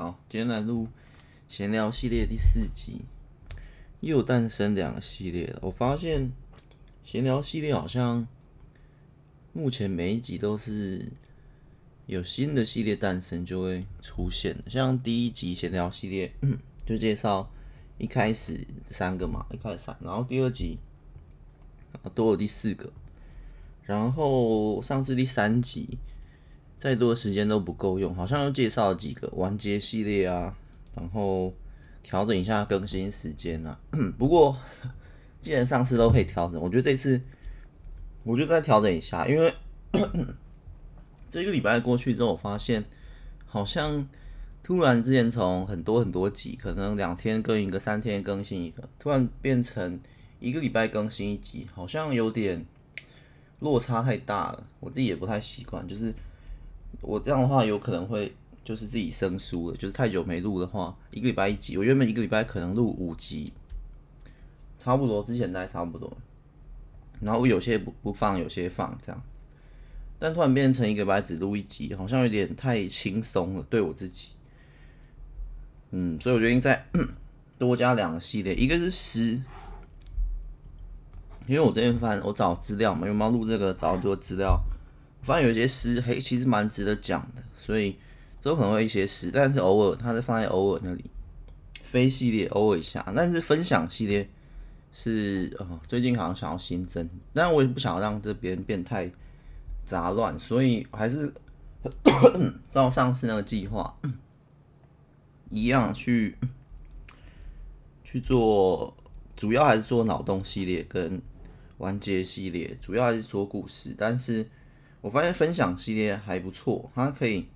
好，今天來錄閒聊系列第四集，又誕生兩個系列了。我發現閒聊系列好像目前每一集都是有新的系列誕生就會出現，像第一集閒聊系列，嗯，就介紹一開始三個嘛，一開始三，然後第二集，然後多了第四個，然後上次第三集。再多的時間都不夠用，好像又介紹了幾個完結系列啊，然後調整一下更新時間啊。不過既然上次都可以調整，我覺得這次我就再調整一下，因為咳咳這個禮拜過去之後，我發現好像突然之間從很多很多集，可能兩天更一個，三天更新一個，突然變成一個禮拜更新一集，好像有點落差太大了，我自己也不太習慣，就是。我這樣的話有可能會就是自己生疏了，就是太久沒錄的話，一個禮拜一集。我原本一個禮拜可能錄五集，差不多，之前大概差不多。然後我有些不不放，有些放這樣子。但突然變成一個禮拜只錄一集，好像有點太輕鬆了，對我自己。嗯，所以我決定再多加兩個系列，一個是詩，因為我這邊翻我找資料嘛，有沒有錄這個，找很多資料。反正有一些詩，嘿，其實蠻值得講的，所以這可能會一些詩，但是偶爾它是放在偶爾那裡，非系列偶爾一下，但是分享系列是、哦、最近好像想要新增，但我也不想要讓這邊變得太雜亂，所以我還是照 上次那個計劃一樣去去做，主要還是做腦洞系列跟完結系列，主要還是說故事，但是。我發現分享系列還不錯，它可以，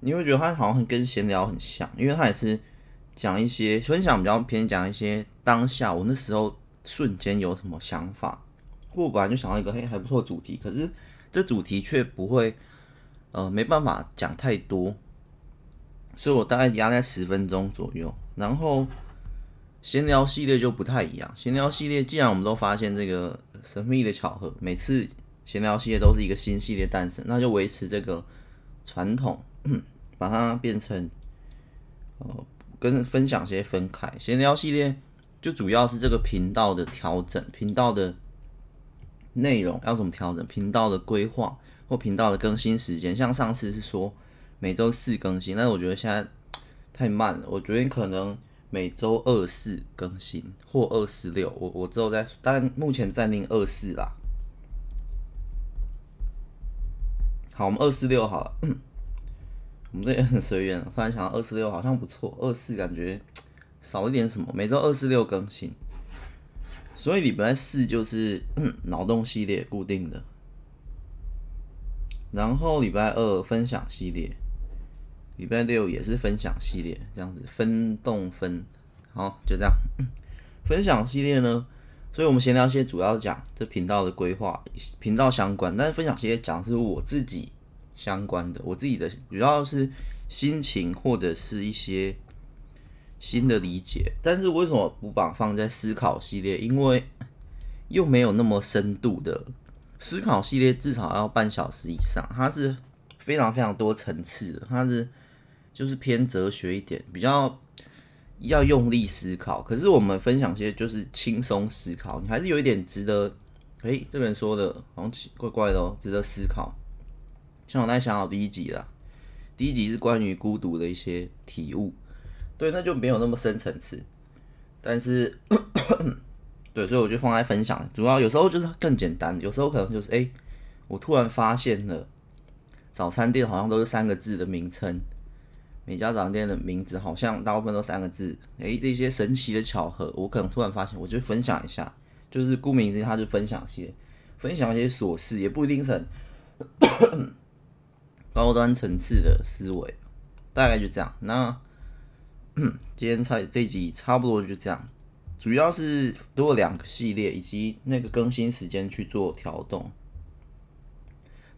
你會覺得它好像跟閒聊很像，因為它也是講一些分享，比較偏講一些當下我那時候瞬間有什麼想法，或我本來就想到一個嘿還不錯的主題，可是這主題卻不會，呃，沒辦法講太多，所以我大概壓在十分鐘左右。然後閒聊系列就不太一樣，閒聊系列既然我們都發現這個神秘的巧合，每次。閒聊系列都是一個新系列誕生，那就維持這個傳統，把它變成、呃、跟分享系列分開。閒聊系列就主要是這個頻道的調整，頻道的內容要怎麼調整，頻道的規劃或頻道的更新時間。像上次是說每周四更新，但是我覺得現在太慢了，我覺得可能每周二四更新或二四六，我我之後再，但目前暫定二四啦。好，我們二四六好了， 我們這也很隨緣。突然想到二四六好像不錯，二四感覺少了一點什麼。每周二四六更新，所以禮拜四就是腦洞 系列固定的，然後禮拜二分享系列，禮拜六也是分享系列，這樣子分動分。好，就這樣。 分享系列呢？所以，我們閒聊系列，主要講這頻道的規劃、頻道相關；但是分享系列講是我自己相關的，我自己的主要是心情或者是一些新的理解。但是為什麼不把放在思考系列？因為又沒有那麼深度的思考系列，至少要半小時以上，它是非常非常多層次的，它是就是偏哲學一點，比較。要用力思考，可是我們分享些就是輕鬆思考，你還是有一點值得。哎、欸，這邊說的好像奇怪怪的哦，值得思考。像我剛才想好第一集了，第一集是關於孤獨的一些體悟。對，那就沒有那麼深層次。但是， 對，所以我就放在分享。主要有時候就是更簡單，有時候可能就是哎、欸，我突然發現了，早餐店好像都是三個字的名稱。每家早餐店的名字好像大部分都三個字。誒、欸，這些神奇的巧合，我可能突然發現，我就分享一下。就是顧名思義，他就分享一些分享一些瑣事，也不一定是很 高端層次的思維。大概就這樣。那今天差這集差不多就這樣，主要是多兩個系列以及那個更新時間去做調動。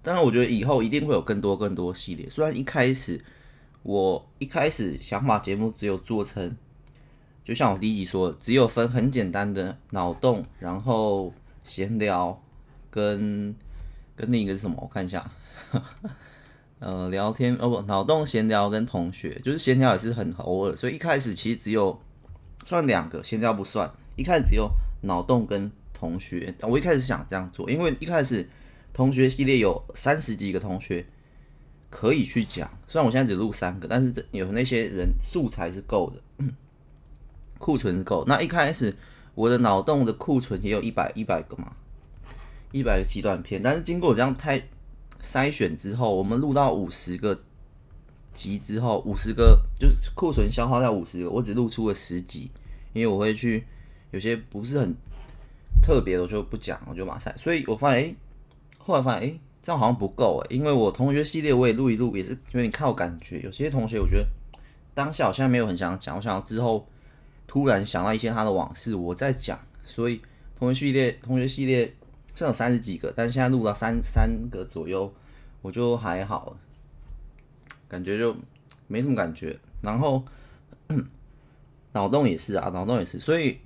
當然，我覺得以後一定會有更多更多系列。雖然一開始。我一開始想把節目只有做成，就像我第一集說的，只有分很簡單的腦洞，然後閒聊跟跟另一個是什麼？我看一下， 呃，聊天哦不，腦洞、閒聊跟同學，就是閒聊也是很偶爾，所以一開始其實只有算兩個，閒聊不算，一開始只有腦洞跟同學。我一開始想這樣做，因為一開始同學系列有三十幾個同學。可以去講，雖然我現在只錄三個，但是有那些人素材是夠的，嗯、庫存是夠。那一開始我的腦洞的庫存也有一百一百個嘛，一百個七段片。但是經過我這樣太篩選之後，我們錄到五十個集之後，五十個就是庫存消耗在五十個，我只錄出了十集，因為我會去有些不是很特別的我就不講，我就馬賽。所以我發現，誒、欸，後來發現，誒、欸。這樣好像不夠誒、欸，因為我同學系列我也錄一錄，也是有點靠感覺。有些同學我覺得當下我現在沒有很想講，我想要之後突然想到一些他的往事，我在講，所以同學系列同學系列這種三十幾個，但現在錄到三三個左右，我就還好，感覺就沒什麼感覺。然後腦洞也是啊，腦洞也是，所以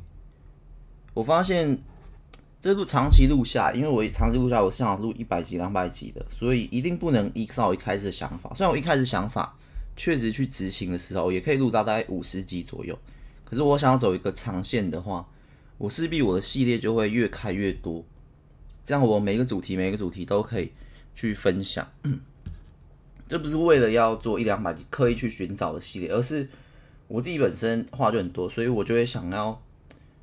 我發現。這錄長期錄下，因為我長期錄下，我是想要錄一百集、兩百集的，所以一定不能依照我一開始的想法。雖然我一開始想法確實去執行的時候，我也可以錄大概五十集左右，可是我想要走一個長線的話，我勢必我的系列就會越開越多，這樣我每個主題、每個主題都可以去分享。 這不是為了要做一兩百集刻意去尋找的系列，而是我自己本身話就很多，所以我就會想要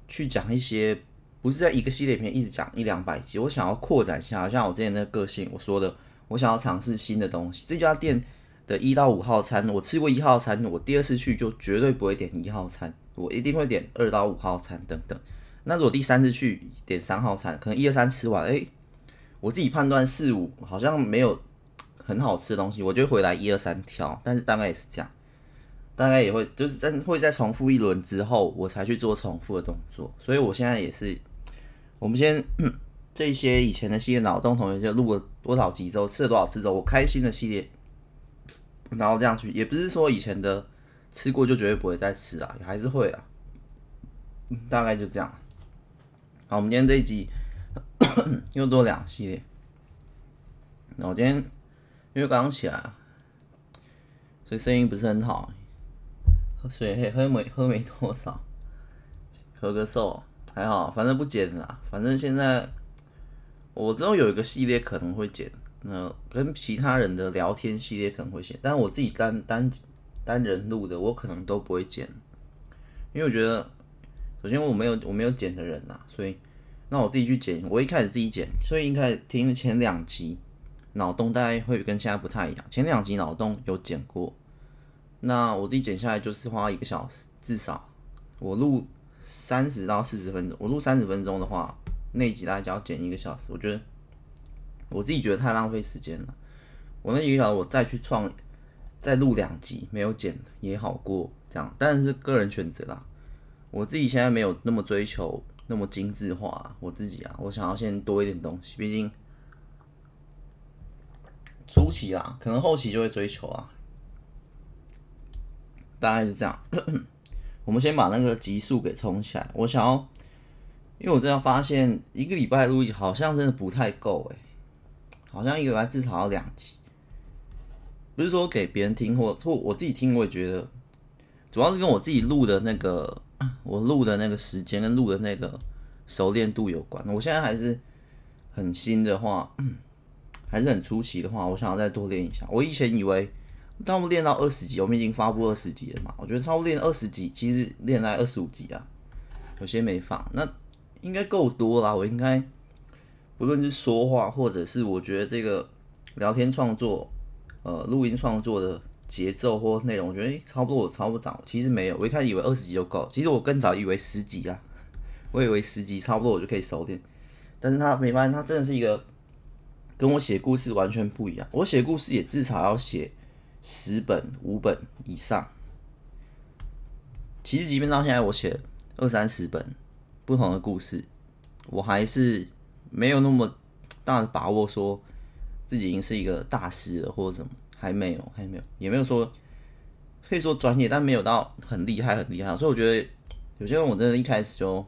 去講一些。不是在一個系列裡面，一直講一兩百集，我想要擴展一下，像我之前那個個性，我說的，我想要嘗試新的東西。這家店的一到五號餐，我吃過一號餐，我第二次去就絕對不會點一號餐，我一定會點二到五號餐等等。那如果第三次去點三號餐，可能一二三吃完，誒、欸，我自己判斷四五好像沒有很好吃的東西，我就回來一二三挑。但是大概也是這樣，大概也會就是，但是會再重複一輪之後，我才去做重複的動作。所以我現在也是。我們先這些以前的系列腦洞同學就錄了多少集，之後吃了多少次之後，我開心的系列，然後這樣去，也不是說以前的吃過就絕對不會再吃啊，也還是會啊、嗯，大概就這樣。好，我們今天這一集咳咳又多兩個系列。然後今天因為剛剛起來，所以聲音不是很好，喝水喝沒喝沒多少，咳個嗽。還好，反正不剪了啦。反正現在我之後有一個系列可能會剪，那、呃、跟其他人的聊天系列可能會剪，但是我自己單單單人錄的，我可能都不會剪，因為我覺得，首先我沒有我沒有剪的人吶，所以那我自己去剪，我一開始自己剪，所以應該聽前兩集腦洞大概會跟現在不太一樣，前兩集腦洞有剪過，那我自己剪下來就是花一個小時，至少我錄三十到四十分鐘，我錄三十分鐘的話，那集大概只要剪一個小時，我覺得我自己覺得太浪費時間了。我那一個小時我再去創，再錄兩集沒有剪也好過這樣，但是個人選擇啦。我自己現在沒有那麼追求那麼精緻化，我自己啊，我想要先多一點東西，畢竟初期啦，可能後期就會追求啊。大概是這樣。 我們先把那個極速給衝起來。我想要，因為我這樣發現，一個禮拜錄一集好像真的不太夠誒、欸，好像一個禮拜至少要兩集。不是說給別人聽或或我自己聽，我也覺得，主要是跟我自己錄的那個，我錄的那個時間跟錄的那個熟練度有關。我現在還是很新的話，還是很初期的話，我想要再多練一下。我以前以為。當我練到二十集，我們已經發布二十集了嘛。我覺得差不多練二十集，其實練來二十五集啊。有些沒放，那應該夠多啦。我應該不論是說話，或者是我覺得這個聊天創作，呃，錄音創作的節奏或內容，我覺得、欸、差不多我，我差不多早其實沒有。我一開始以為二十集就夠，其實我更早以為十集啊。我以為十集差不多我就可以熟練，但是他沒發現，他真的是一個跟我寫故事完全不一樣。我寫故事也至少要寫。十本、五本以上。其實，即便到現在，我寫二三十本不同的故事，我還是沒有那麼大的把握，說自己已經是一個大師了，或者什麼還沒有，還沒有，也沒有說可以說專業，但沒有到很厲害、很厲害。所以，我覺得有些人，我真的一開始就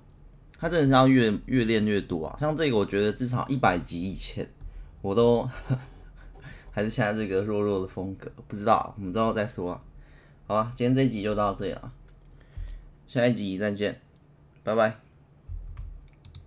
他真的是要越越練越多啊。像這個，我覺得至少一百集以前，我都。 還是現在這個弱弱的風格，不知道，我們之後再說了。好吧，今天這一集就到這裡了，下一集再見，拜拜。